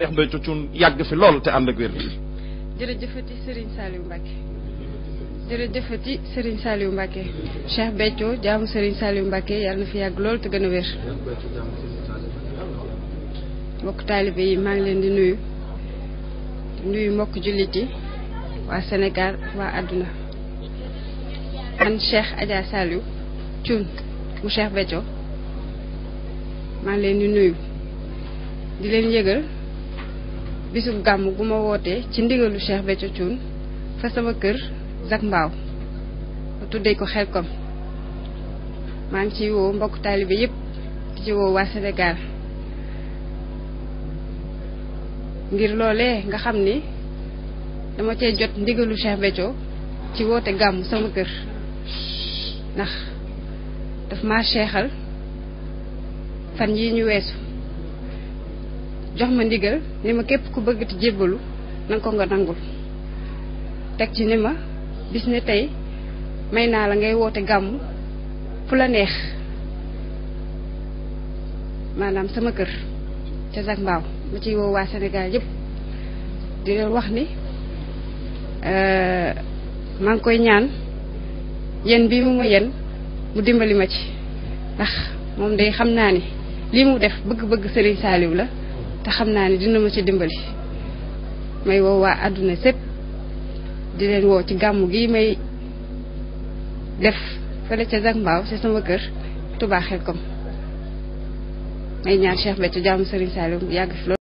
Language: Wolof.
Cheikh Béthio Thioune yàgg fi lool te ànd ak wér. jërëjëfati Serigne Saliou Mbacké jërëjëfati Serigne Saliou Mbacké jaamu Serigne Saliou Mbacké yàlla na fi yàgg lool te gën a wér. mbokk taalibe yi maa ngi leen di nuyu nuyu mbokk jullit yi waa Sénégal waa àdduna man Cheikh Adja Saliou Thioune mu Cheikh Béthio maa ngi leen di nuyu di leen yëgal. bisub gàmm bu ma wootee ci ndigalu Cheikh Béthio Thioune fa sama kër Zac Mbao tuddee ko Xelkom maa ngi ciy woo mbokk taalibe yëpp di ci woo waa Sénégal ngir loolee nga xam ni dama cee jot ndigalu Cheikh Béthio ci woote gàmm sama kër ndax daf ma seexal fan yi ñu weesu jox ma ndigal ni ma képp ku bëgg ti jébbalu nanga ko nga nangul teg ci ni ma bis ne tey may naa la ngay woote gàmmu fu la neex maanaam sama kër ca Zac Mbao ma ciy woo waa senegaal yëpp di leen wax ni euh, maa ngi koy ñaan yéen bii mu ma yéen mu dimbali ma ci ndax moom de xam naa ni lii mu def bëgg-bëgg Serigne Saliou la te xam naa ne dina ma ci dimbali may woo waa àdduna sépp di leen woo ci gàmmu gi may def fële ca Zac Mbao ci sama kër Touba Xelkom may ñaan Cheikh Béthio jaamu Serigne Saliou yàgg fi